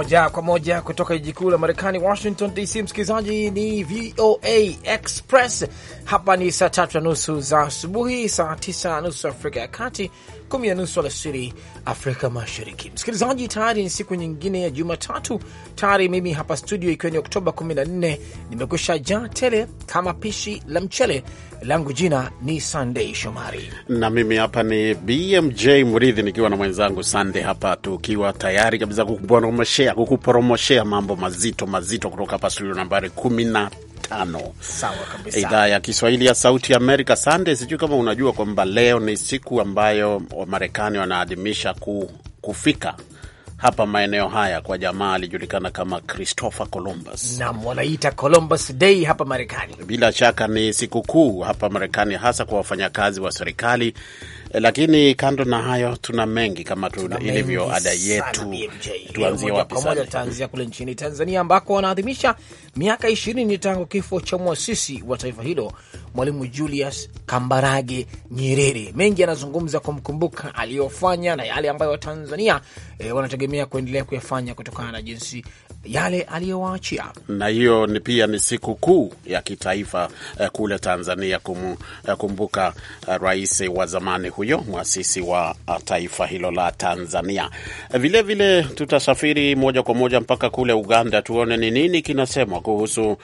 Moja kwa moja kutoka jiji kuu la Marekani, Washington DC. Msikilizaji, ni VOA Express. Hapa ni saa tatu na nusu za asubuhi, saa tisa na nusu Afrika ya Kati, kumi na nusu alasiri Afrika Mashariki. Msikilizaji, tayari ni siku nyingine ya Jumatatu. Tayari mimi hapa studio, ikiwa ni Oktoba 14 nimekusha jaa tele kama pishi la mchele langu. Jina ni Sandei Shomari na mimi hapa ni BMJ Mridhi nikiwa na mwenzangu Sunday hapa, tukiwa tayari kabisa na umeshea kukuletea kukuporomoshea mambo mazito mazito kutoka hapa studio nambari kumi na tano. Idhaa ya Kiswahili ya Sauti Amerika. Sande, sijui kama unajua kwamba leo ni siku ambayo Wamarekani wanaadhimisha ku, kufika hapa maeneo haya kwa jamaa alijulikana kama Christopher Columbus. Naam, wanaita Columbus Day hapa Marekani. Bila shaka ni sikukuu hapa Marekani, hasa kwa wafanyakazi wa serikali lakini kando na hayo, tuna mengi kama ilivyo ada yetu. Tuanzie wapi sasa? Tutaanzia kule nchini Tanzania ambako wanaadhimisha miaka ishirini tangu kifo cha mwasisi wa taifa hilo Mwalimu Julius Kambarage Nyerere. Mengi anazungumza kumkumbuka aliyofanya na yale ambayo Watanzania e, wanategemea kuendelea kuyafanya kutokana na jinsi yale aliyowaachia. Na hiyo ni pia ni siku kuu ya kitaifa eh, kule Tanzania eh, kumbuka eh, rais wa zamani huyo mwasisi wa eh, taifa hilo la Tanzania. Vilevile vile tutasafiri moja kwa moja mpaka kule Uganda tuone ni nini kinasemwa kuhusu uh,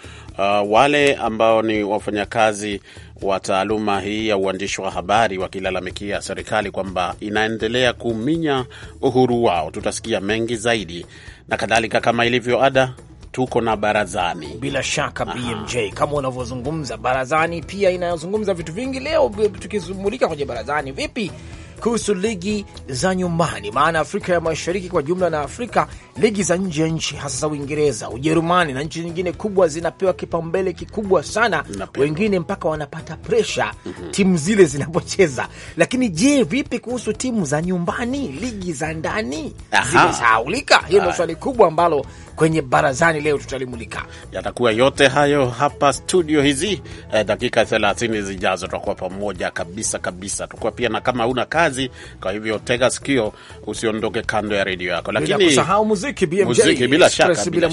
wale ambao ni wafanyakazi wa taaluma hii ya uandishi wa habari wakilalamikia serikali kwamba inaendelea kuminya uhuru wao. Tutasikia mengi zaidi na kadhalika, kama ilivyo ada tuko na barazani bila shaka BMJ. Aha. Kama unavyozungumza barazani, pia inayozungumza vitu vingi leo tukizumulika kwenye barazani. Vipi kuhusu ligi za nyumbani, maana Afrika ya Mashariki kwa jumla na Afrika, ligi za nje ya nchi hasa za Uingereza, Ujerumani na nchi nyingine kubwa zinapewa kipaumbele kikubwa sana Napewa. Wengine mpaka wanapata presha mm -hmm. timu zile zinapocheza. Lakini je, vipi kuhusu timu za nyumbani, ligi za ndani zimesahaulika? Hiyo ndio swali kubwa ambalo kwenye barazani leo tutalimulika. Yatakuwa yote hayo hapa studio hizi eh, dakika 30 zijazo tutakuwa pamoja kabisa kabisa. Tutakuwa pia na kama una kazi, kwa hivyo tega sikio, usiondoke kando ya redio yako, lakini muziki, BMJ, muziki bila shaka, bila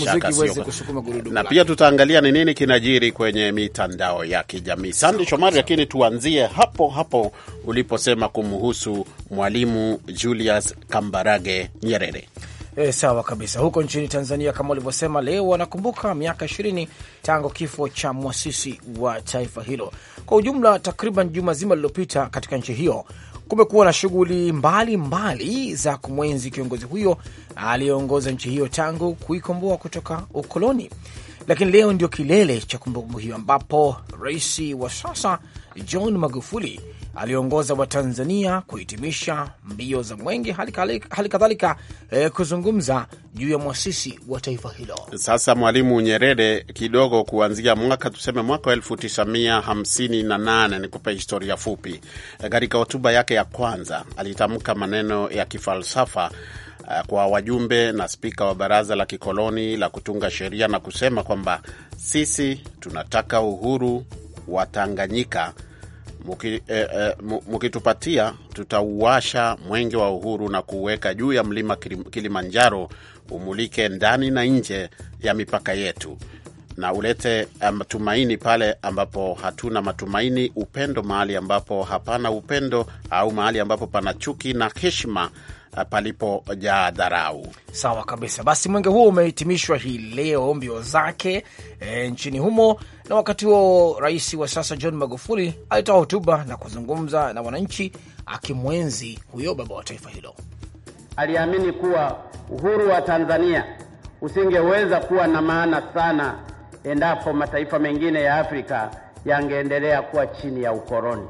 kusukuma gurudumu, na pia tutaangalia ni nini kinajiri kwenye mitandao ya kijamii. Sande Shomari, lakini tuanzie hapo hapo uliposema kumhusu Mwalimu Julius Kambarage Nyerere. E, sawa kabisa. Huko nchini Tanzania, kama ulivyosema, leo wanakumbuka miaka ishirini tangu kifo cha mwasisi wa taifa hilo. Kwa ujumla, takriban juma zima lililopita katika nchi hiyo kumekuwa na shughuli mbalimbali za kumwenzi kiongozi huyo aliyeongoza nchi hiyo tangu kuikomboa kutoka ukoloni, lakini leo ndio kilele cha kumbukumbu hiyo ambapo rais wa sasa John Magufuli aliongoza Watanzania kuhitimisha mbio za mwenge, hali kadhalika eh, kuzungumza juu ya mwasisi wa taifa hilo. Sasa Mwalimu Nyerere, kidogo kuanzia mwaka tuseme mwaka wa 1958 nikupe historia fupi. Eh, katika hotuba yake ya kwanza alitamka maneno ya kifalsafa eh, kwa wajumbe na spika wa baraza la kikoloni la kutunga sheria na kusema kwamba sisi tunataka uhuru wa Tanganyika mukitupatia eh, eh, tutauasha mwenge wa uhuru na kuweka juu ya mlima Kilimanjaro umulike ndani na nje ya mipaka yetu na ulete eh, matumaini pale ambapo hatuna matumaini, upendo mahali ambapo hapana upendo, au mahali ambapo pana chuki na heshima Eh, palipojaa dharau. Sawa kabisa. Basi mwenge huo umehitimishwa hii leo mbio zake e, nchini humo. Na wakati huo rais wa sasa John Magufuli alitoa hotuba na kuzungumza na wananchi akimwenzi huyo baba wa taifa hilo. Aliamini kuwa uhuru wa Tanzania usingeweza kuwa na maana sana endapo mataifa mengine ya Afrika yangeendelea kuwa chini ya ukoloni.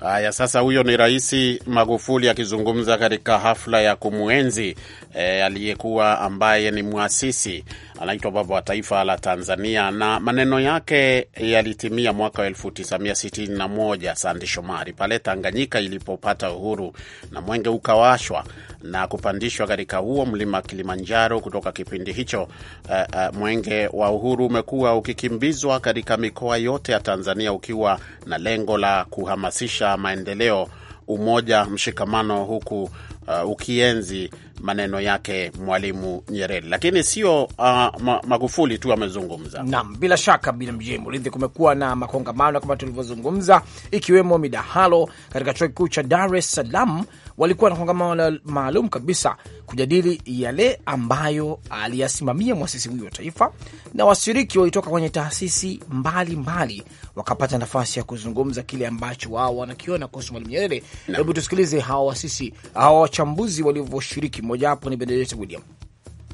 Haya, sasa huyo ni Rais Magufuli akizungumza katika hafla ya kumwenzi e, aliyekuwa ambaye ni mwasisi anaitwa baba wa taifa la Tanzania, na maneno yake yalitimia mwaka wa 1961 Sandi Shomari, pale Tanganyika ilipopata uhuru na mwenge ukawashwa na kupandishwa katika huo mlima Kilimanjaro. Kutoka kipindi hicho uh, uh, mwenge wa uhuru umekuwa ukikimbizwa katika mikoa yote ya Tanzania ukiwa na lengo la kuhamasisha maendeleo, umoja, mshikamano, huku uh, ukienzi maneno yake Mwalimu Nyerere. Lakini sio uh, Magufuli tu amezungumza. Naam, bila shaka BMJ mridhi kumekuwa na makongamano kama tulivyozungumza, ikiwemo midahalo katika chuo kikuu cha Dar es Salaam walikuwa na kongamano maalum kabisa kujadili yale ambayo aliyasimamia mwasisi huyu wa taifa, na washiriki walitoka kwenye taasisi mbalimbali wakapata nafasi ya kuzungumza kile ambacho wao wanakiona kuhusu Mwalimu Nyerere. Hebu tusikilize hawa wasisi, hawa wachambuzi walivyoshiriki. Mmojawapo ni Benedict William.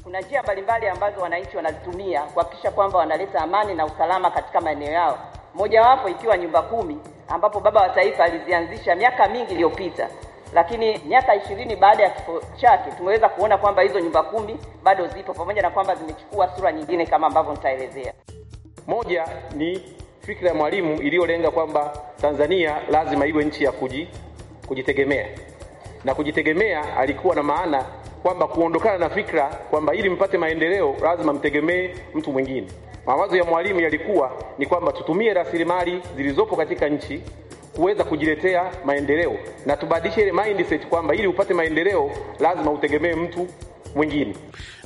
Kuna njia mbalimbali ambazo wananchi wanazitumia kuhakikisha kwamba wanaleta amani na usalama katika maeneo yao, mojawapo ikiwa nyumba kumi ambapo baba wa taifa alizianzisha miaka mingi iliyopita lakini miaka ishirini baada ya kifo chake tumeweza kuona kwamba hizo nyumba kumi bado zipo, pamoja na kwamba zimechukua sura nyingine kama ambavyo nitaelezea. Moja ni fikra ya Mwalimu iliyolenga kwamba Tanzania lazima iwe nchi ya kuji, kujitegemea na kujitegemea alikuwa na maana kwamba kuondokana na fikra kwamba ili mpate maendeleo lazima mtegemee mtu mwingine. Mawazo ya Mwalimu yalikuwa ni kwamba tutumie rasilimali zilizopo katika nchi kuweza kujiletea maendeleo, na tubadilishe ile mindset kwamba ili upate maendeleo lazima utegemee mtu mwingine.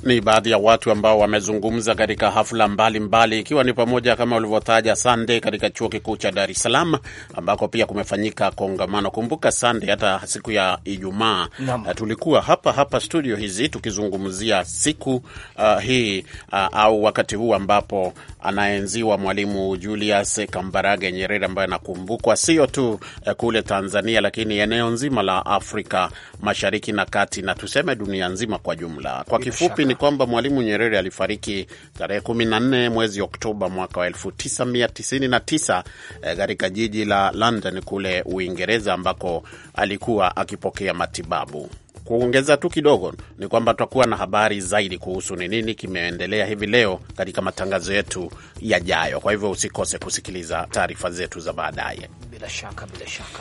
Ni baadhi ya watu ambao wamezungumza katika hafla mbalimbali, ikiwa mbali ni pamoja kama ulivyotaja Sande, katika chuo kikuu cha Dar es Salaam ambako pia kumefanyika kongamano. Kumbuka Sande, hata siku ya Ijumaa eh, tulikuwa hapa hapa studio hizi tukizungumzia siku uh, hii uh, au wakati huu ambapo anaenziwa Mwalimu Julius Kambarage Nyerere ambaye anakumbukwa sio tu uh, kule Tanzania lakini eneo nzima la Afrika Mashariki na Kati na tuseme dunia nzima kwa jumla. Kwa kifupi ni kwamba Mwalimu Nyerere alifariki tarehe 14 mwezi Oktoba mwaka wa 1999 eh, katika jiji la London kule Uingereza, ambako alikuwa akipokea matibabu. Kuongeza tu kidogo ni kwamba tutakuwa na habari zaidi kuhusu ni nini kimeendelea hivi leo katika matangazo yetu yajayo. Kwa hivyo usikose kusikiliza taarifa zetu za baadaye, bila shaka, bila shaka.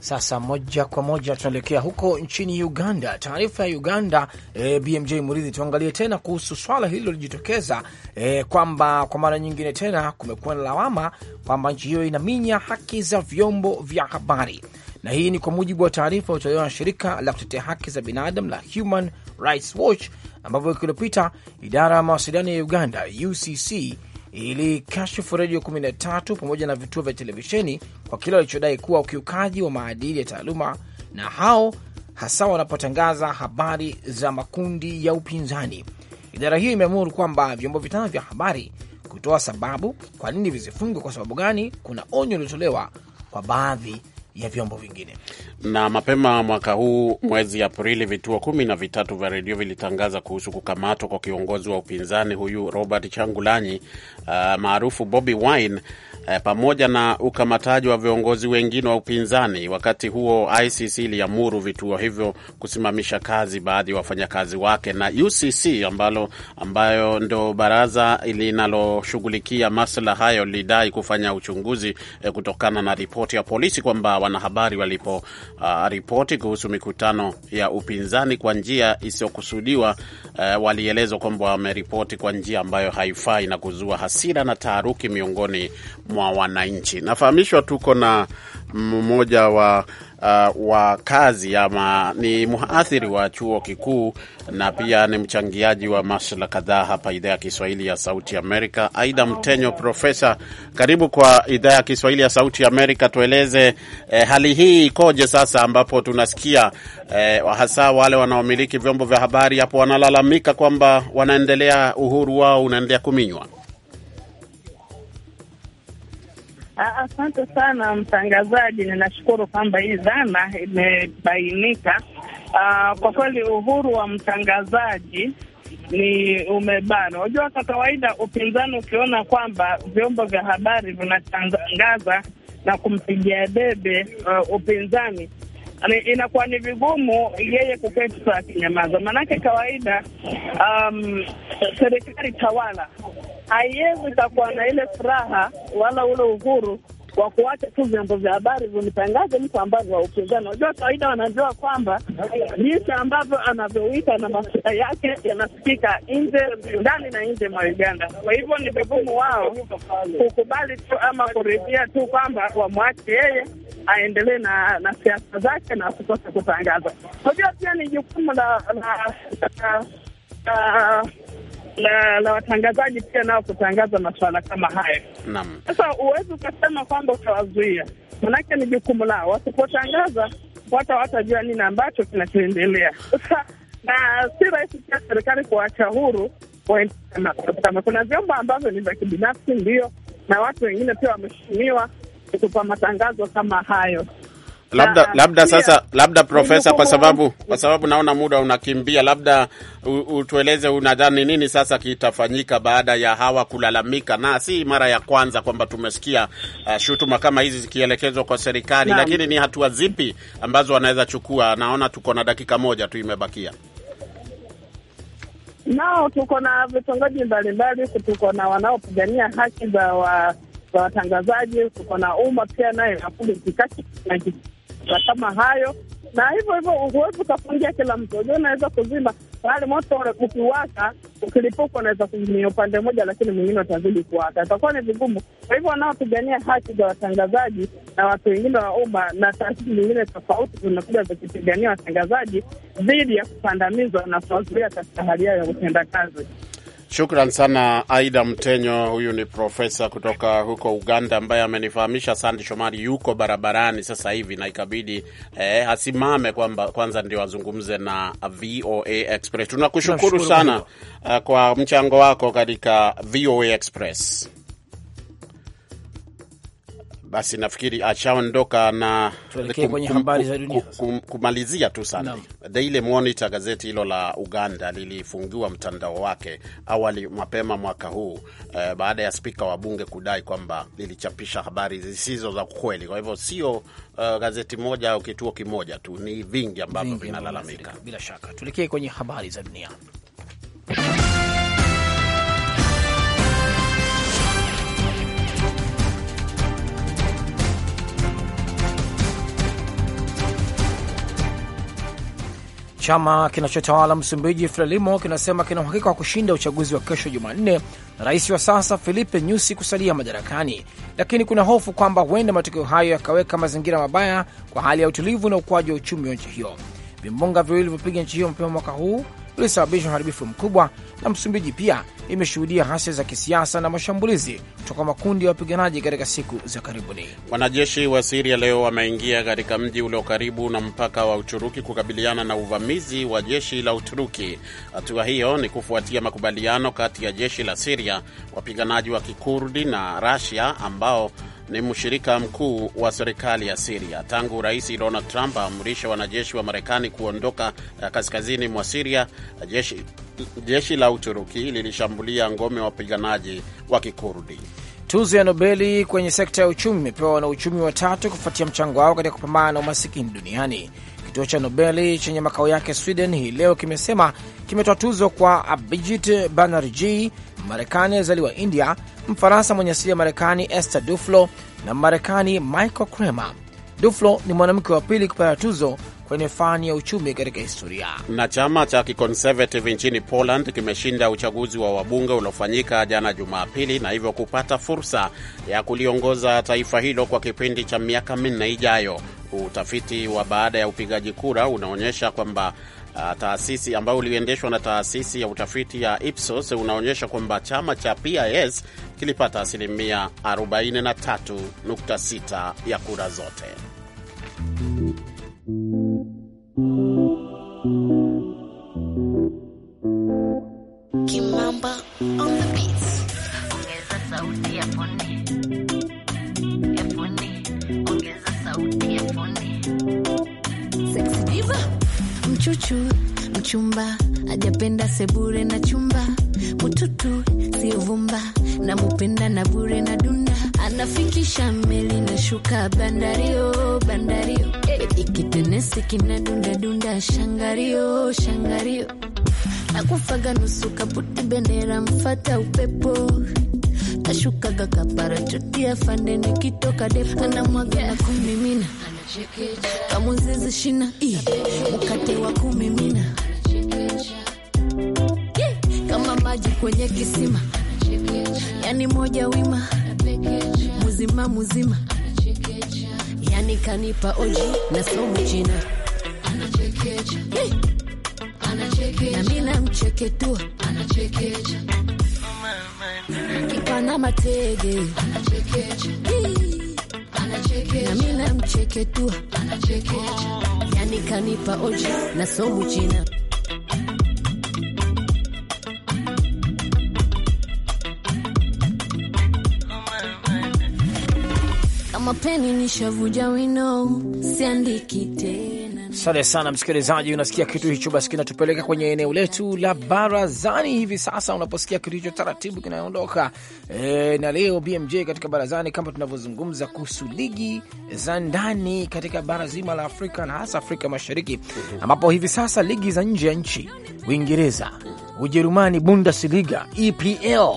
Sasa moja kwa moja tunaelekea huko nchini Uganda. Taarifa ya Uganda e, eh, BMJ Muridhi, tuangalie tena kuhusu swala hili lilojitokeza e, eh, kwamba kwa mara nyingine tena kumekuwa na lawama kwamba nchi hiyo inaminya haki za vyombo vya habari, na hii ni kwa mujibu wa taarifa iliyotolewa na shirika la kutetea haki za binadamu la Human Rights Watch, ambapo wiki iliyopita idara ya mawasiliano ya Uganda UCC ilikashifu redio 13 pamoja na vituo vya televisheni kwa kile walichodai kuwa ukiukaji wa maadili ya taaluma, na hao hasa wanapotangaza habari za makundi ya upinzani. Idara hiyo imeamuru kwamba vyombo vitano vya habari kutoa sababu kwa nini vizifungwe, kwa sababu gani. Kuna onyo uliotolewa kwa baadhi ya vyombo vingine. Na mapema mwaka huu mwezi Aprili, vituo kumi na vitatu vya redio vilitangaza kuhusu kukamatwa kwa kiongozi wa upinzani huyu Robert Changulanyi uh, maarufu Bobi Wine eh, pamoja na ukamataji wa viongozi wengine wa upinzani. Wakati huo ICC iliamuru vituo hivyo kusimamisha kazi baadhi ya wafanyakazi wake, na UCC ambalo ambayo ndo baraza linaloshughulikia masuala hayo lilidai kufanya uchunguzi eh, kutokana na ripoti ya polisi kwamba wanahabari walipo uh, ripoti kuhusu mikutano ya upinzani kwa njia isiyokusudiwa uh, walielezwa kwamba wameripoti kwa njia ambayo haifai na kuzua hasira na taharuki miongoni mwa wananchi. Nafahamishwa tuko na mmoja wa uh, wa kazi ama ni mhadhiri wa chuo kikuu na pia ni mchangiaji wa masuala kadhaa hapa idhaa ya Kiswahili ya Sauti Amerika. Aida Mtenyo, profesa, karibu kwa idhaa ya Kiswahili ya Sauti Amerika. Tueleze eh, hali hii ikoje sasa, ambapo tunasikia eh, hasa wale wanaomiliki vyombo vya habari hapo wanalalamika kwamba wanaendelea, uhuru wao unaendelea kuminywa. Ah, asante sana mtangazaji, ninashukuru kwamba hii dhana imebainika. Ah, kwa kweli uhuru wa mtangazaji ni umebana. Unajua, kwa kawaida upinzani ukiona kwamba vyombo vya habari vinatangaza na kumpigia debe uh, upinzani inakuwa ni vigumu yeye kuketi saa kinyamaza, maanake kawaida um, serikali tawala haiwezi takuwa na ile furaha wala ule uhuru wa kuwacha tu vyombo vya habari vunitangaze mtu ambaye ni wa upinzani. Unajua, kawaida wanajua kwamba jinsi ambavyo anavyowika na mafuta yake yanasikika nje, ndani na nje mwa Uganda. Kwa hivyo ni vigumu wao kukubali tu ama kuridhia tu kwamba wamwache yeye aendelee na na siasa zake na kukosa kutangaza. Unajua, pia ni jukumu la la, la watangazaji pia nao kutangaza masuala kama haya. sasa huwezi ukasema kwamba utawazuia, manake ni jukumu lao. Wasipotangaza watu hawatajua nini ambacho kinachoendelea na si rahisi pia serikali kuwacha huru waende kama. Kuna vyombo ambavyo ni vya kibinafsi, ndio, na watu wengine pia wameshutumiwa kutupa matangazo kama hayo labda na, ah, labda pia, sasa labda profesa, kwa sababu kwa sababu naona muda unakimbia, labda utueleze unadhani nini sasa kitafanyika baada ya hawa kulalamika, na si mara ya kwanza kwamba tumesikia uh, shutuma kama hizi zikielekezwa kwa serikali, lakini ni hatua zipi ambazo wanaweza chukua? Naona tuko na dakika moja tu imebakia. Nao tuko na vitongoji mbalimbali, tuko na wanaopigania haki za wa watangazaji, tuko na umma pia naye makosa kama hayo, na hivyo hivyo huwezi ukafungia kila mtu. Unajua, unaweza kuzima pale moto ukiwaka, ukilipuka unaweza kuzimia upande mmoja, lakini mwingine utazidi kuwaka, itakuwa ni vigumu. Kwa hivyo wanaopigania haki za watangazaji na watu wengine wa umma na taasisi zingine tofauti zinakuja zikipigania watangazaji dhidi ya kukandamizwa na kuwazuia katika hali yao ya utendakazi. Shukran sana Aida Mtenyo. Huyu ni profesa kutoka huko Uganda ambaye amenifahamisha Sandi Shomari yuko barabarani sasa hivi na ikabidi eh, asimame kwamba kwanza ndio azungumze na VOA Express. Tunakushukuru sana uh, kwa mchango wako katika VOA Express. Basi nafikiri ashaondoka na kum, kwenye habari za dunia kum, kumalizia tu sana no. Daily Monitor, gazeti hilo la Uganda lilifungiwa mtandao wake awali mapema mwaka huu eh, baada ya spika wa bunge kudai kwamba lilichapisha habari zisizo za kweli. Kwa hivyo sio uh, gazeti moja au kituo kimoja tu, ni vingi ambavyo vinalalamika. Bila shaka, tuelekee kwenye habari za dunia Chama kinachotawala Msumbiji Frelimo kinasema kina uhakika wa kushinda uchaguzi wa kesho Jumanne na rais wa sasa Filipe Nyusi kusalia madarakani, lakini kuna hofu kwamba huenda matokeo hayo yakaweka mazingira mabaya kwa hali ya utulivu na ukuaji wa uchumi wa nchi hiyo. Vimbunga viwili vilivyopiga nchi hiyo mapema mwaka huu vilisababisha uharibifu mkubwa, na Msumbiji pia imeshuhudia ghasia za kisiasa na mashambulizi kutoka makundi ya wapiganaji katika siku za karibuni. Wanajeshi wa Siria leo wameingia katika mji ulio karibu na mpaka wa Uturuki kukabiliana na uvamizi wa jeshi la Uturuki. Hatua hiyo ni kufuatia makubaliano kati ya jeshi la Siria, wapiganaji wa Kikurdi na Rasia ambao ni mshirika mkuu wa serikali ya Siria. Tangu Rais Donald Trump aamrishe wanajeshi wa Marekani kuondoka eh, kaskazini mwa Siria, jeshi jeshi la Uturuki lilishambulia ngome wapiganaji wa Kikurdi. Tuzo ya Nobeli kwenye sekta ya uchumi imepewa na uchumi watatu kufuatia mchango wao katika kupambana na umasikini duniani. Kituo cha Nobeli chenye makao yake Sweden hii leo kimesema kimetoa tuzo kwa Abhijit Banerjee, Marekani alizaliwa India, Mfaransa mwenye asili ya Marekani Esther Duflo na Marekani Michael Kremer. Duflo ni mwanamke wa pili kupata tuzo kwenye fani ya uchumi katika historia. Na chama cha kiconservative nchini Poland kimeshinda uchaguzi wa wabunge uliofanyika jana Jumapili na hivyo kupata fursa ya kuliongoza taifa hilo kwa kipindi cha miaka minne ijayo. Utafiti wa baada ya upigaji kura unaonyesha kwamba Uh, taasisi ambayo uliendeshwa na taasisi ya utafiti ya Ipsos unaonyesha kwamba chama cha PIS kilipata asilimia 43.6 ya kura zote. Mchuchu mchumba ajapenda sebure na chumba mututu siovumba na mupenda na bure na dunda anafikisha meli na shuka bandario bandario eh, ikitenesi kina dunda dunda shangario shangario nakufaga nusu kabuta bendera mfata upepo nashukaga kaparachutia fande nikitoka depo anamwaga na kumimina kamuzizi shina mkate wa kumimina kama maji kwenye kisima yani moja wima muzima muzima yani kanipa oji na somu china na mimi namcheke tu anachekecha kipana matege na mimi namcheke tu anachekecha yani kanipa na somu china kama peni nishavuja wino siandiki tena Asante sana msikilizaji, unasikia kitu hicho, basi kinatupeleka kwenye eneo letu la barazani hivi sasa. Unaposikia kitu hicho, taratibu kinaondoka e. Na leo BMJ katika barazani, kama tunavyozungumza kuhusu ligi za ndani katika bara zima la Afrika na hasa Afrika Mashariki, ambapo hivi sasa ligi za nje ya nchi, Uingereza, Ujerumani, Bundesliga, EPL,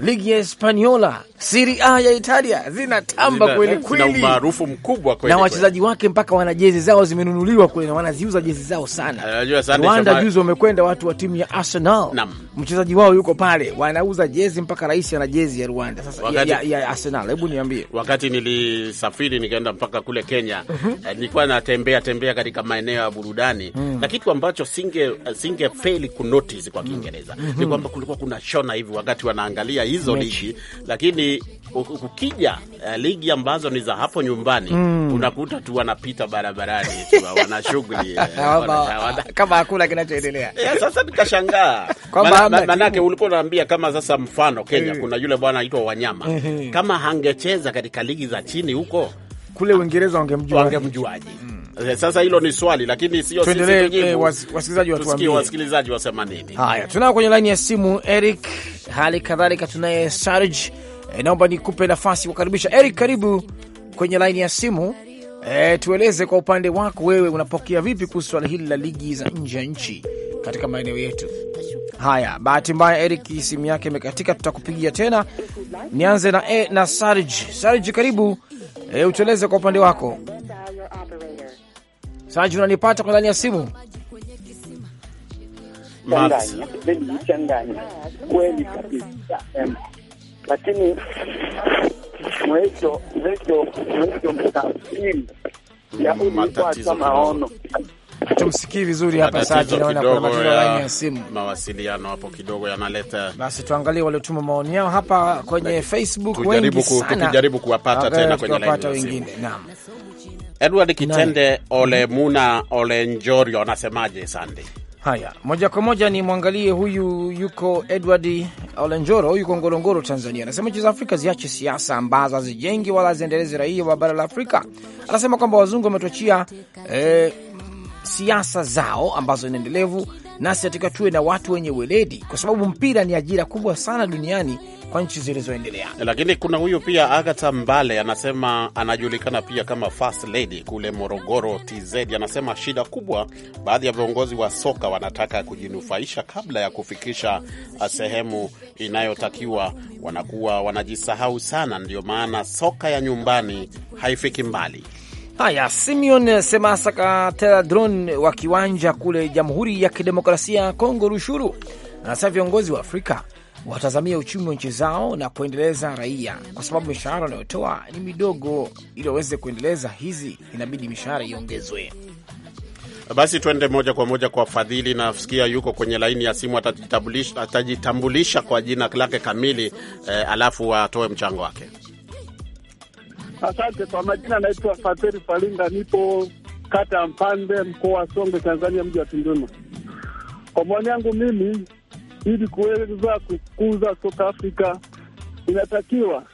ligi ya Hispaniola Serie A ya Italia zinatamba kweli kweli, na umaarufu mkubwa kweli, na wachezaji wake mpaka wana jezi zao zimenunuliwa kweli, na wanaziuza jezi zao sana. Eh, Rwanda juzi wamekwenda watu wa timu ya Arsenal, mchezaji wao yuko pale, wanauza jezi mpaka rais ana jezi ya Rwanda sasa wakati, ya, ya, ya Arsenal. Hebu niambie, wakati nilisafiri nikaenda mpaka kule Kenya mhm. eh, nilikuwa natembea tembea katika maeneo ya burudani mm. na kitu ambacho singe singe fail ku notice kwa mm. Kiingereza mm ni mm-hmm. kwamba kulikuwa kuna shona hivi wakati wanaangalia hizo ligi lakini ukija uh, ligi ambazo ni za hapo nyumbani mm. unakuta tu wanapita barabarani wana shughuli eh, kama hakuna kinachoendelea. Yeah, sasa nikashangaa ulikuwa unaambia kama sasa, mfano Kenya mm. kuna yule bwana anaitwa Wanyama mm -hmm. kama hangecheza katika ligi za chini huko kule Uingereza wangemjua, Sasa hilo ni swali lakini sio sisi wasikilizaji watuambie, wasikilizaji wasema nini? Haya, tunao kwenye laini ya simu Eric, hali kadhalika tunaye Sarge E, naomba nikupe nafasi kukaribisha Eric, karibu kwenye laini ya simu. E, tueleze kwa upande wako wewe unapokea vipi kuhusu swala hili la ligi za nje ya nchi katika maeneo yetu haya. Bahati mbaya Eric simu yake imekatika, tutakupigia tena. Nianze na e, na Sarj. Sarj, karibu e, utueleze kwa upande wako. Sarj, unanipata kwa ndani ya simu? Changanya kweli kabisa lakini mwisho mwisho mwisho mtafsiri Yahudi mm, ilikuwa maono Tumsikii vizuri hapa sasa, naona kuna matatizo ya, ya simu mawasiliano hapo kidogo yanaleta. Basi tuangalie waliotuma maoni yao hapa kwenye Facebook, wengi sana tukijaribu kuwapata tena kwenye laini wengine. Naam, Edward Kitende Ole Muna Ole Njorio anasemaje? Sande Haya, moja kwa moja ni mwangalie huyu. Yuko Edward Olenjoro, yuko Ngorongoro, Tanzania. Anasema nchi za Afrika ziache siasa ambazo hazijengi wala haziendelezi raia wa bara la Afrika. Anasema kwamba wazungu wametuachia eh, siasa zao ambazo ni endelevu nasi atika tuwe na watu wenye weledi, kwa sababu mpira ni ajira kubwa sana duniani kwa nchi zilizoendelea. Lakini kuna huyu pia agata Mbale anasema, anajulikana pia kama First Lady kule Morogoro TZ, anasema shida kubwa, baadhi ya viongozi wa soka wanataka kujinufaisha kabla ya kufikisha uh, sehemu inayotakiwa, wanakuwa wanajisahau sana, ndio maana soka ya nyumbani haifiki mbali. Haya, Simeon Semasaka Teladron wa Kiwanja kule Jamhuri ya Kidemokrasia ya Kongo Rushuru anasema viongozi wa Afrika watazamia uchumi wa nchi zao na kuendeleza raia, kwa sababu mishahara wanayotoa ni midogo. Ili waweze kuendeleza hizi, inabidi mishahara iongezwe. Basi tuende moja kwa moja kwa Fadhili. nasikia yuko kwenye laini ya simu, atajitambulisha kwa jina lake kamili eh, alafu atoe mchango wake. Asante kwa majina, naitwa Fateri Falinga, nipo kata ya Mpande, mkoa wa Songwe, Tanzania, mji wa Tunduma. Kwa maoni yangu mimi, ili kuweza kukuza soka Afrika inatakiwa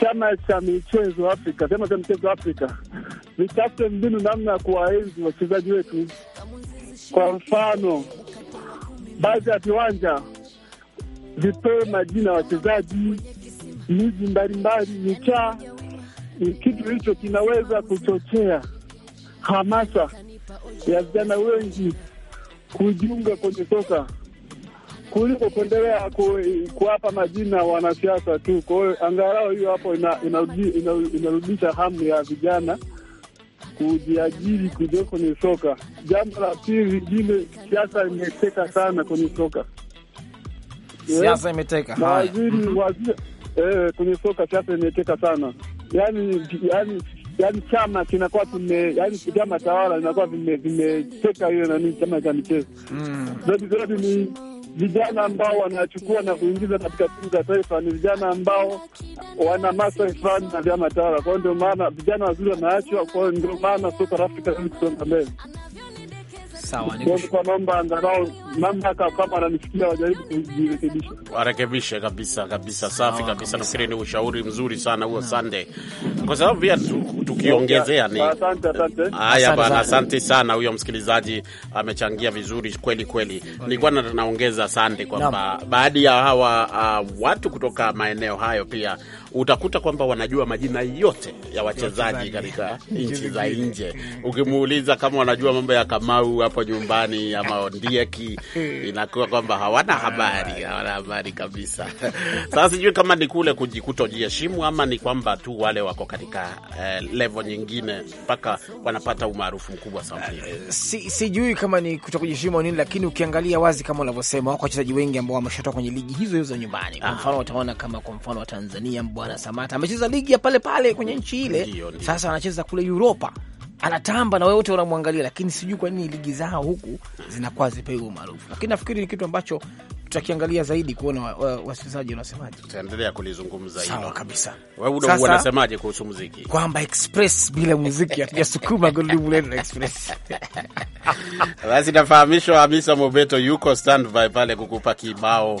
chama cha michezo Afrika, chama cha michezo Afrika vitafute mbinu namna ya kuwaenzi wachezaji wetu. Kwa mfano, baadhi ya viwanja vipewe majina ya wachezaji miji mbalimbali, michaa kitu hicho kinaweza kuchochea hamasa ya vijana wengi kujiunga kwenye soka kuliko kuendelea kuwapa majina wanasiasa tu. Kwa hiyo angalau hiyo hapo inarudisha ina, ina, ina hamu ya vijana kujiajiri kuja kwenye soka. Jambo la pili lingine, siasa imeteka sana kwenye soka, siasa imeteka. waziri, eh, kwenye soka siasa imeteka sana yani, yani yani chama kinakuwa kime yani chama tawala inakuwa vimeteka hiyo nani chama cha michezo mm. zote zote ni vijana ambao wanachukua na kuingiza katika timu za taifa ni vijana ambao wana maslahi fulani na vyama tawala. Kwa hiyo ndio maana vijana wazuri wanaachwa, kwa hiyo ndio maana soka la Afrika kusonga mbele sawa, Naomba angalau mamlaka kama ananisikia wajaribu kujirekebisha, warekebishe kabisa kabisa. Safi kabisa, nafikiri ni ushauri mzuri sana huo, Sande, kwa sababu pia tukiongezea ni haya bana. Asante sana, huyo msikilizaji amechangia vizuri kweli kweli. Nilikuwa naongeza Sande kwamba baadhi ya hawa uh, watu kutoka maeneo hayo pia utakuta kwamba wanajua majina yote ya wachezaji katika nchi za nje. Mm. Ukimuuliza kama wanajua mambo ya Kamau hapo nyumbani ama Ondieki, inakuwa kwamba hawana habari, hawana habari kabisa. Sasa sijui kama ni kule kutojiheshimu ama ni kwamba tu wale wako katika eh, level nyingine mpaka wanapata umaarufu mkubwa sana. Eh, si, sijui kama ni kutojiheshimu nini, lakini ukiangalia wazi kama unavyosema, wako wachezaji wengi ambao wameshatoka kwenye ligi hizo hizo nyumbani. Kwa ah. mfano utaona kama kwa mfano wa Tanzania mbo bwana Samata amecheza ligi ya pale pale kwenye nchi ile, sasa anacheza kule Uropa anatamba na wote wanamwangalia, lakini sijui kwa nini ligi zao huku zinakuwa zipewi umaarufu, lakini nafikiri ni kitu ambacho tutakiangalia zaidi kuona wasikilizaji wanasemaje. Tutaendelea kulizungumza hilo. Sawa kabisa. Wewe ndio unasemaje kuhusu muziki? Kwamba express bila muziki hatujasukuma gurudumu letu la express. Basi nafahamishwa Hamisa Mobeto yuko standby pale kukupa kibao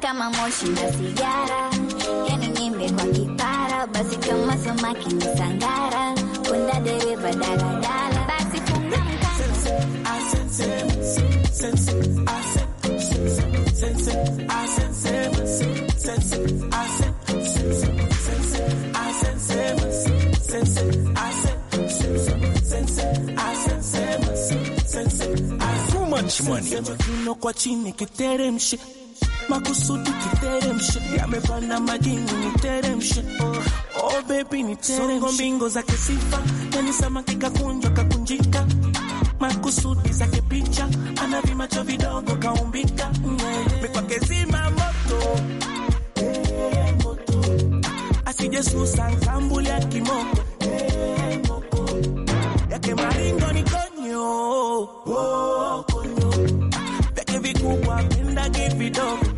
kama moshi na sigara, yani nimbe kwa kipara, basi kama samaki ni sangara, punda dereva daladala, basi funga Too much money. Kwa chini kiteremshi makusudi kiteremshe, yamepanda majini niteremshe, oh, oh baby niteremshe, mbingo zake sifa, yani samaki kakunjwa kakunjika, makusudi zake picha, ana vimacho vidogo kaumbika, mikwake zima moto asije susa nkambuli ya kimoko yake maringo ni konyo, oh, konyo vyake vikubwa pendage vidogo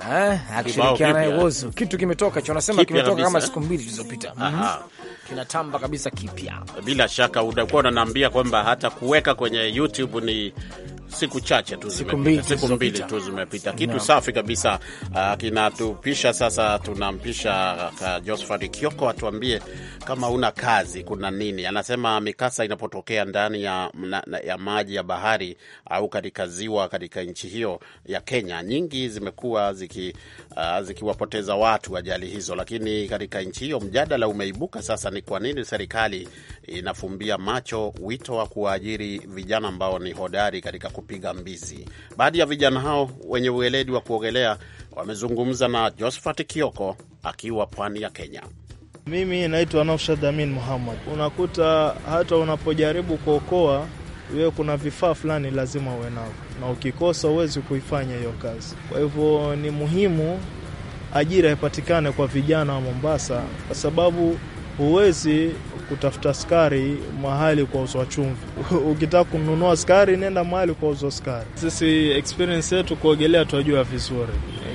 Eh, akishirikiana na Wozu, kitu kimetoka cho, anasema kimetoka kama eh? siku mbili zilizopita, mhm. kinatamba kabisa kipya. Bila shaka utakuwa unaniambia kwamba hata kuweka kwenye YouTube ni siku chache tu siku mbili, siku mbili tu zimepita, kitu no. safi kabisa. Uh, kinatupisha sasa, tunampisha uh, Josephat Kioko atuambie kama una kazi kuna nini. Anasema mikasa inapotokea ndani ya, na, na, ya maji ya bahari au katika ziwa katika nchi hiyo ya Kenya, nyingi zimekuwa ziki, uh, zikiwapoteza watu ajali hizo, lakini katika nchi hiyo mjadala umeibuka sasa, ni kwa nini serikali inafumbia macho wito wa kuajiri vijana ambao ni hodari katika kupiga mbizi. Baadhi ya vijana hao wenye ueledi wa kuogelea wamezungumza na Josephat Kioko akiwa pwani ya Kenya. Mimi naitwa Nafshad Amin Muhammad. Unakuta hata unapojaribu kuokoa wewe, kuna vifaa fulani lazima uwe navo na ukikosa huwezi kuifanya hiyo kazi. Kwa hivyo ni muhimu ajira ipatikane kwa vijana wa Mombasa, kwa sababu Huwezi kutafuta sukari mahali kwa uzwa chumvi. Ukitaka kununua sukari, nenda mahali kwa uzo sukari. Sisi experience yetu kuogelea, tunajua vizuri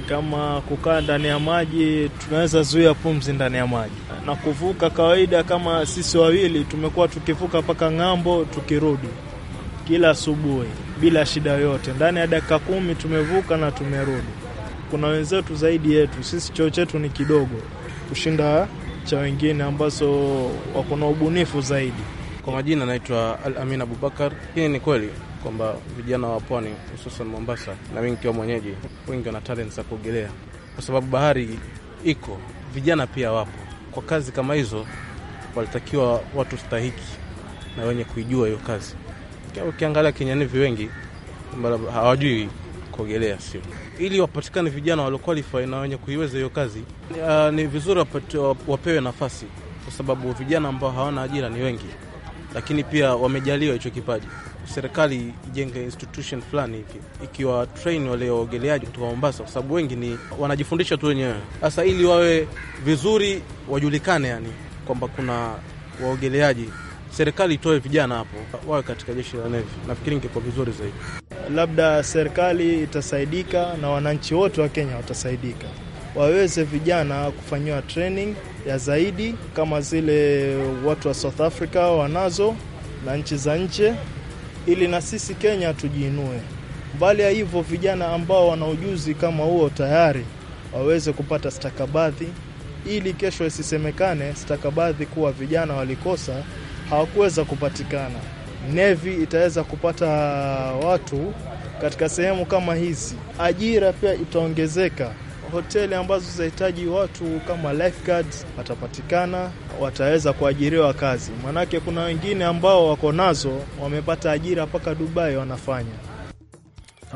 kama kukaa ndani ya maji, tunaweza zuia pumzi ndani ya maji na kuvuka. Kawaida kama sisi wawili tumekuwa tukivuka mpaka ng'ambo, tukirudi kila asubuhi bila shida yoyote. Ndani ya dakika kumi tumevuka na tumerudi. Kuna wenzetu zaidi yetu, sisi choo chetu ni kidogo kushinda cha wengine ambazo wako na ubunifu zaidi. Kwa majina naitwa Al Amin Abubakar. Hii ni kweli kwamba vijana wa pwani hususan Mombasa, na mi nikiwa mwenyeji, wengi wana talent za kuogelea kwa sababu bahari iko, vijana pia wapo. Kwa kazi kama hizo, walitakiwa watu stahiki na wenye kuijua hiyo kazi. Ukiangalia Kenyanivi wengi hawajui kuogelea sio, ili wapatikane vijana waliokwalify na wenye kuiweza hiyo kazi. Uh, ni vizuri wapewe nafasi, kwa sababu vijana ambao hawana ajira ni wengi, lakini pia wamejaliwa hicho kipaji. Serikali ijenge institution fulani hivi ikiwa train wale waogeleaji kutoka Mombasa, kwa sababu wengi ni wanajifundisha tu wenyewe. Sasa ili wawe vizuri, wajulikane, yani kwamba kuna waogeleaji serikali itoe vijana hapo wawe katika jeshi la nevi. Nafikiri ingekuwa vizuri zaidi, labda serikali itasaidika na wananchi wote wa Kenya watasaidika, waweze vijana kufanyiwa training ya zaidi kama zile watu wa South Africa wanazo na nchi za nje, ili na sisi Kenya tujiinue. Mbali ya hivyo, vijana ambao wana ujuzi kama huo tayari waweze kupata stakabadhi, ili kesho isisemekane stakabadhi kuwa vijana walikosa hawakuweza kupatikana. Nevi itaweza kupata watu katika sehemu kama hizi, ajira pia itaongezeka. Hoteli ambazo zitahitaji watu kama lifeguards watapatikana, wataweza kuajiriwa kazi, maanake kuna wengine ambao wako nazo wamepata ajira mpaka Dubai wanafanya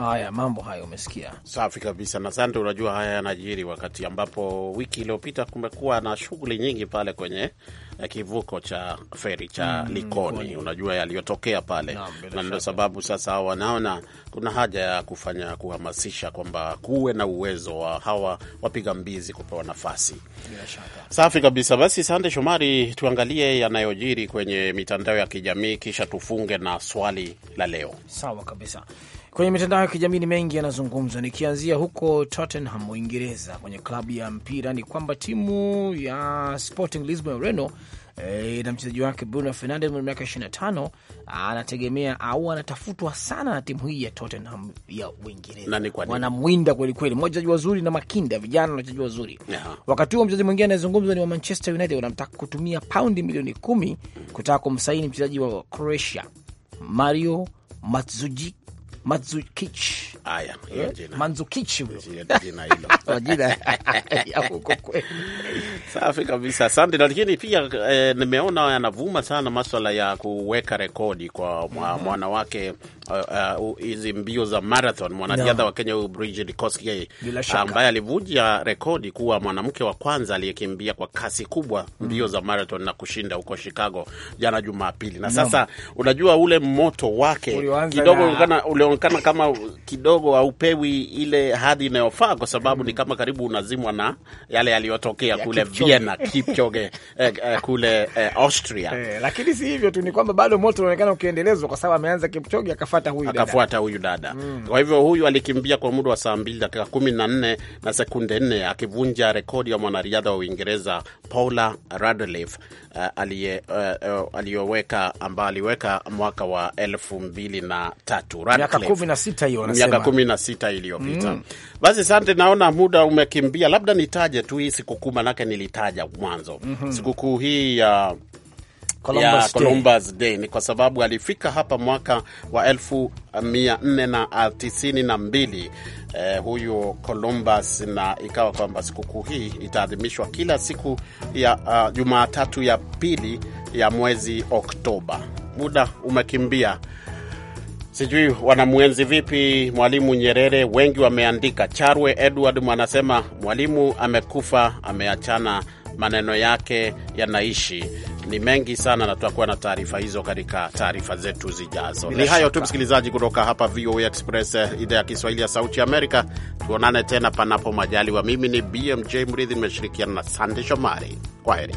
Haya mambo hayo umesikia, safi kabisa na sante. Unajua haya yanajiri wakati ambapo wiki iliyopita kumekuwa na shughuli nyingi pale kwenye eh, kivuko cha feri cha mm, Likoni kwenye. Unajua yaliyotokea pale na, na ndio sababu sasa wanaona kuna haja ya kufanya kuhamasisha kwamba kuwe na uwezo wa hawa wapiga mbizi kupewa nafasi. Safi kabisa, basi sante Shomari, tuangalie yanayojiri kwenye mitandao ya kijamii kisha tufunge na swali la leo. Sawa kabisa. Kwenye mitandao ya kijamii ni mengi yanazungumzwa, nikianzia huko Tottenham, Uingereza, kwenye klabu ya mpira. Ni kwamba timu ya Sporting Lisbon ya Ureno e, eh, na mchezaji wake Bruno Fernandes mwenye miaka 25 anategemea au anatafutwa sana na timu hii ya Tottenham ya Uingereza. Wanamwinda kwelikweli, mmoja wazuri na makinda vijana na wachezaji wazuri yeah. Wakati huo mchezaji mwingine anayezungumzwa ni wa Manchester United, wanamtaka kutumia paundi milioni kumi kutaka kumsaini mchezaji wa Croatia Mario Mandzukic Mazukich. Haya, eh, jina. huko kweli. Safi kabisa. Asante. Lakini pia eh, nimeona yanavuma sana maswala ya kuweka rekodi kwa mhm. mwanawake mm -hmm hizi uh, uh, mbio za marathon mwanariadha no. wa Kenya huyu Brigid Kosgei ambaye alivunja rekodi kuwa mwanamke wa kwanza aliyekimbia kwa kasi kubwa mbio mm. za marathon na kushinda huko Chicago jana Jumapili na no. Sasa unajua ule moto wake kidogo na... ulionekana kama kidogo haupewi ile hadhi inayofaa kwa sababu mm. ni kama karibu unazimwa na yale yaliyotokea ya kule Vienna Kipchoge eh, eh, kule eh, Austria eh, lakini si hivyo tu, ni kwamba bado moto unaonekana ukiendelezwa kwa sababu ameanza Kipchoge akafa akafuata huyu dada, akafuata huyu dada. Mm. Kwa hivyo huyu alikimbia kwa muda wa saa mbili dakika kumi na nne na sekunde nne akivunja rekodi ya mwanariadha wa Uingereza Paula Radcliffe uh, aliyoweka uh, uh, ambayo aliweka mwaka wa elfu mbili na tatu kumi na sita miaka kumi na sita iliyopita. Mm. Basi sante, naona muda umekimbia, labda nitaje tu hii sikukuu, manake nilitaja mwanzo. Mm -hmm. Sikukuu hii ya uh, Columbus ya Columbus Day. Day ni kwa sababu alifika hapa mwaka wa 1492 eh, huyu Columbus, na ikawa kwamba sikukuu hii itaadhimishwa kila siku ya uh, Jumatatu ya pili ya mwezi Oktoba. Muda umekimbia. Sijui wanamwenzi vipi Mwalimu Nyerere. Wengi wameandika. Charwe Edward mwanasema Mwalimu amekufa, ameachana, maneno yake yanaishi ni mengi sana, na tutakuwa na taarifa hizo katika taarifa zetu zijazo. Ni hayo tu, msikilizaji, kutoka hapa VOA Express, eh, idhaa ya Kiswahili ya Sauti Amerika. Tuonane tena panapo majaliwa. Mimi ni BMJ Mridhi, nimeshirikiana na Sande Shomari. Kwa heri.